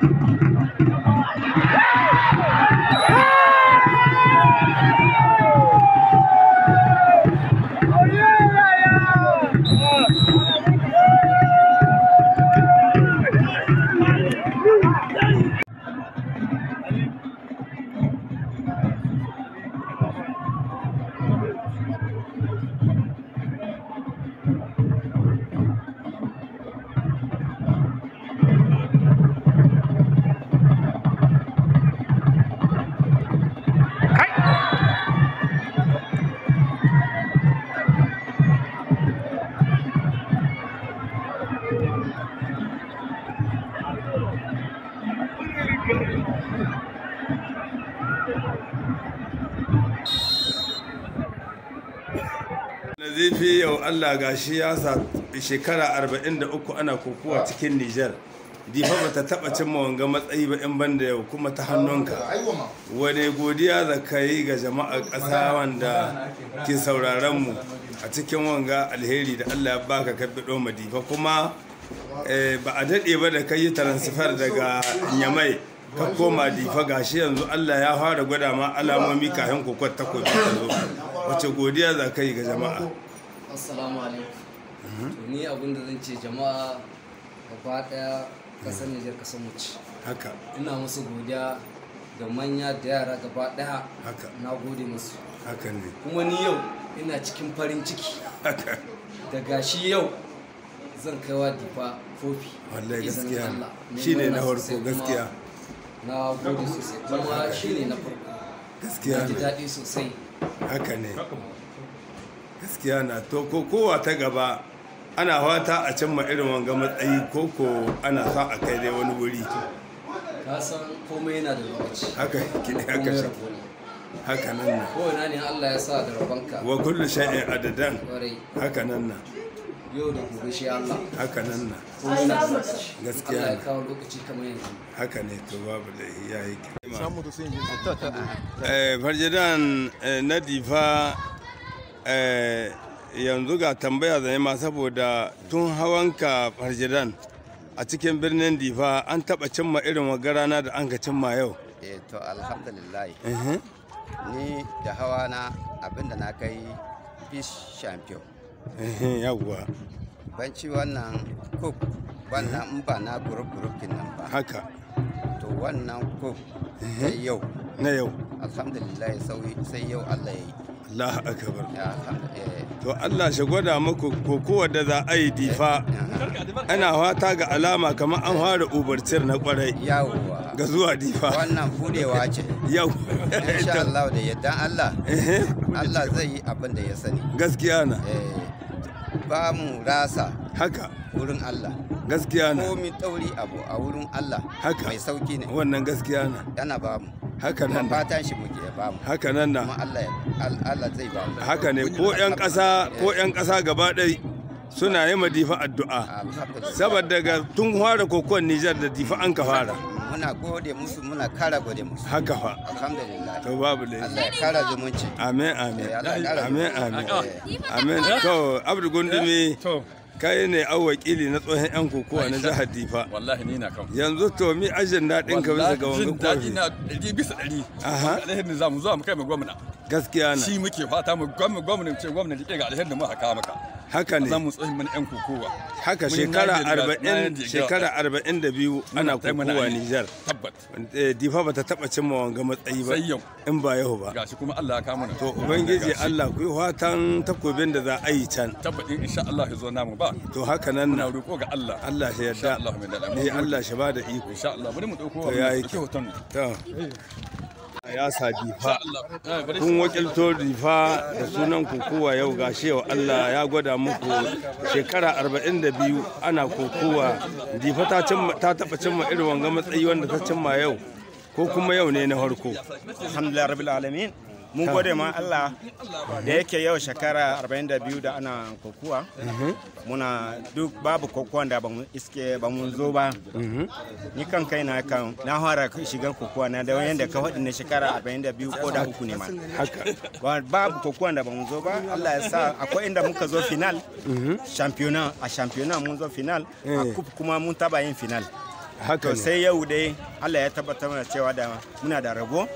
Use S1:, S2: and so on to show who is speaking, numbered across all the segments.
S1: Thank you. fi yau Allah gashi ya sa shekara 43 ana kokowa ah. cikin Nijar difa ba ta taba cin wanga matsayi ba in banda yau kuma ta hannunka ah, wane godiya da ka yi ga jama'a ƙasa wanda ke sauraron mu a cikin wanga alheri da Allah ya baka ka bido difa kuma eh, ba a daɗe ba da ka yi transfer daga nyamai ka koma difa gashi yanzu Allah ya fara gwada ma alamomi kafin kokon ta zo wace godiya za ka yi ga jama'a
S2: assalamu alaikum
S1: mhm. ni abin da zan ce jama'a gaba daya kasar mhm. Nijar kasar mu ce haka ina musu godiya da manya da yara gaba daya haka na gode musu haka ne kuma ni yau ina cikin farin ciki haka da gashi yau zan kaiwa difa kofi wallahi gaskiya shine na farko gaskiya na gode sosai kuma shine na farko gaskiya ji daɗi sosai haka ne gaskiya na to ko kowa ta gaba ana fata a ma irin wanga matsayi ko ko ana sa a kai dai wani wuri ka san komai yana da lokaci haka ki haka shi haka nan na ko ina ne Allah ya sa da rabanka wa kullu shay'in adadan haka nan na yau da gobe
S2: shi Allah haka
S1: nan na gaskiya Allah ya kawo lokaci kamar yanzu haka ne to babu da yayi yake samu to sai eh farjidan eh, na difa Eh, yanzu ga tambaya zane ma saboda tun hawanka farjidan a cikin birnin difa an taba cimma irin wagarana da an ka cimma yau
S2: eh to alhamdulillah ni da hawa na abinda na kai fish champion yawwa ci wannan cup wannan in ba na group gurup nan ba haka to wannan cup na yau na yau alhamdulillah sai yau Allah ya
S1: yi Allah akabar eh. to Allah shi gwada muku ko kowanne za a yi difa eh, eh, ana wata ga alama kamar an fara ubarcir na kwarai ga zuwa difa wannan fudewa ce yau insha Allah da yadda Allah Allah zai yi abin da ya sani gaskiya na ba mu rasa haka wurin Allah gaskiya na komi tauri abu a wurin Allah haka mai sauki ne wannan gaskiya na yana ba mu haka nan fatan shi muke ya ba mu haka nan na kuma Allah ya Allah zai ba haka ne ko yan ƙasa ko yan ƙasa gaba ɗai suna yi madifa addu'a ah, saboda ga tun fara kokon Nijar da difa an ka fara muna gode musu muna kara gode musu haka fa
S2: alhamdulillah
S1: to babu dai Allah ya kara zumunci amin amin eh, amin amin eh. amin to abdu gundumi to kai ne an wakili na tsohon yan kokowa na jihar difa wallahi ni na kan yanzu to mi ajin din ka bisa ga wani kofi wallahi na ɗari bisa ɗari aha alherin zamu zuwa mu kai mu gwamna gaskiya na shi muke fata mu gwamna gwamna ce gwamna ke ga alherin mu haka maka haka ne zamu mu mana yan kokowa haka shekara 40 shekara 42 ana kokowa Niger tabbat eh, difa bata taba cin ma wanga matsayi ba in ba yau ba gashi kuma Allah ya kama to ubangiji Allah ku yi fatan takobin da za a yi can tabbatin insha Allah ya zo namu ba to haka nan na roƙo ga Allah Allah ya yarda Allah ya eh, Allah shi ba da iko insha Allah bari mu dauko wa wannan hoton to eh. ya sa difa kun wakilto difa da sunan kokowa yau ga yau Allah ya gwada muku shekara 42 ana kokowa difa ta taba cimma irin wanga matsayi wanda ta cimma yau ko kuma yau ne na harko
S2: alhamdulillah rabbil alamin mun gode ma Allah da yake yau shekara 42 da ana kokuwa muna duk babu kokuwan da bamu iske ba mun zo ba mhm. ni kan kai na kan na fara shigar kokuwa na da yanda ka faɗi na shekara 42 ko da uku ne ma babu kokuwan da bamu zo ba Allah ya sa akwai inda muka zo final mhm. championnat a championnat mun zo final a eh. kuma mun taba yin final haka sai yau dai Allah ya tabbatar cewa da muna da rabo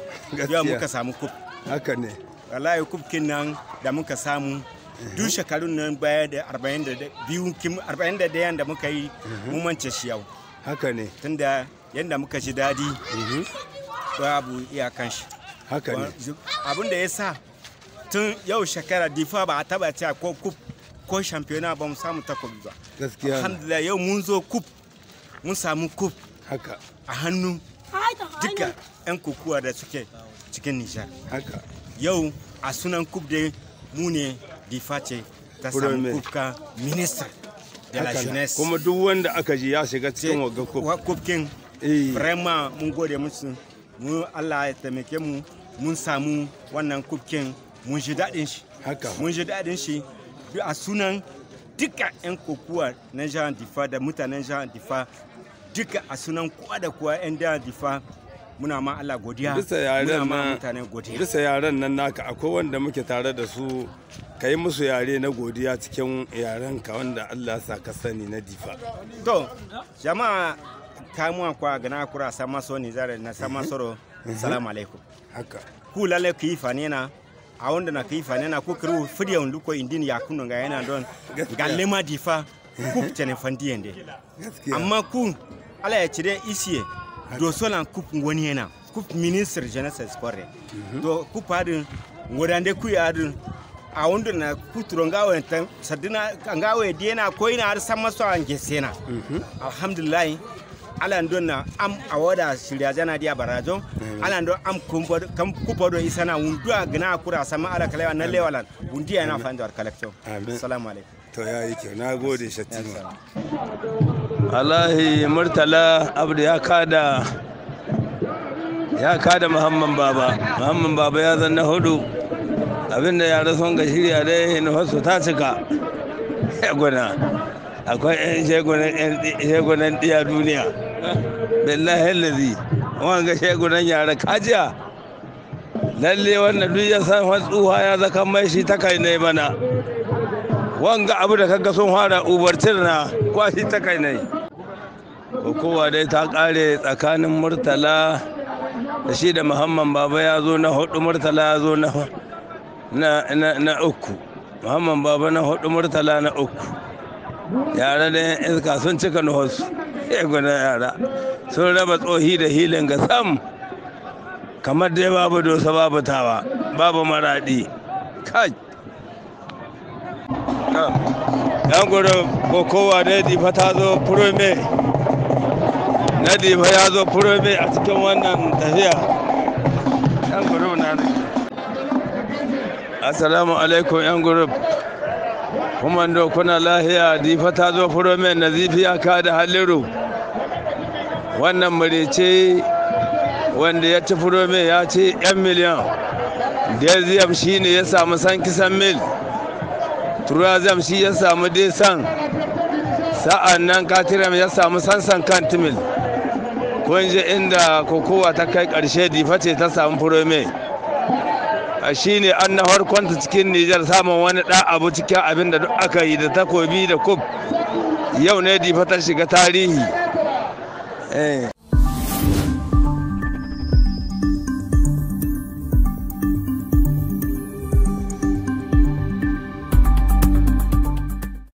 S2: yau muka samu kup haka ne wallahi kubkin nan da muka samu duk shekarun nan baya da 41 da muka yi mumance shi yau haka ne tunda yadda muka ji dadi babu iyakan shi haka ne abin da ya sa tun yau shekara difa ba a taba cewa ko kup ko shampiyona ba mu samu takobi ba gaskiya alhamdulillah yau mun zo kup mun samu kup haka a hannu duka 'yan kukuwa da suke cikin Nijar. Yau a sunan da mu ne face ta samu kubka minista
S1: da la jeunesse. Kuma
S2: duk wanda aka ji ya shiga cikin wagga kubkin. Eh. Vraiment mun gode musu. Mu Allah ya taimake mu mun samu wannan kubkin mun ji dadin shi. Haka. Mun ji dadin shi a sunan duka 'yan kokuwa na jihar Difa da mutanen jihar Difa duka a sunan kowa da kowa 'yan jihar Difa muna ma Allah godiya yaren na mutane godiya bisa
S1: yaren nan naka akwai wanda muke tare da su ka yi musu yare na godiya cikin yaren ka wanda Allah sa ka
S2: sani na difa to jama'a kamuwa kwa gana kura sama so ni zare na sama soro assalamu alaikum haka ku lalle ku yi fane na a wanda na ku yi fane na ku kiru fidiya wanda ko indin ya kunu ga yana don galle lema difa ku tene fandiyen de amma ku Allah ya cire isiye dosolan kup woni yana kup ministre jeunesse score mhm. do kup adun wodande ku adin a wanda na kuturo ngawo tan sadina ngawo dena koina har samma so an gesena mhm. alhamdulillah ala don na am awoda shirya jana dia barajo mhm. ala don am kumbo kam kupo do isana wundua gna kura sama ala kalewa na lewalan wundia na fandor collection assalamu alaikum to ya yi kyau na gode shattima
S1: alahi murtala abdu ya kada ya kada muhamman baba muhamman baba ya zanna hudu abinda yara sun ga shirya dai wasu ta cika shaguna akwai yan shagunan ɗiya duniya billahi lazi ga shagunan yara kajiya lalle wannan duk ya san tsuha ya zaka mai shi ta kai ne mana wanga abu da kaga sun fara ubartir na kwashi ta kai ne kowa dai ta kare tsakanin murtala da shi da muhammad baba ya zo na hudu murtala ya zo na na uku muhammad baba na hudu murtala na uku yara da yan iska sun cika nuhus ya eh, guna yara sun raba tsohi da hilin ga sam kamar dai babu dosa babu tawa babu maradi kai yan gudun kokowa ya difa ta zo furome na difa ya zo furome a cikin wannan tafiya yan gudu na ne assalamu alaikum yan gudu kuma kuna lahiya difa ta zo furome na zifiya ka da halliru wannan murice wanda ya ci furome ya ci yan miliyan shi ne ya samu san kisan mil turazam shi ya samu desan sa'an nan katiram ya samu sansan kan timil inda kokowa ta kai karshe diface ta samu furome shi ne an na harkonta cikin nijar samun wani ɗan abu cikin abin da duk aka yi da takobi da kub yau ne difa ta shiga tarihi eh.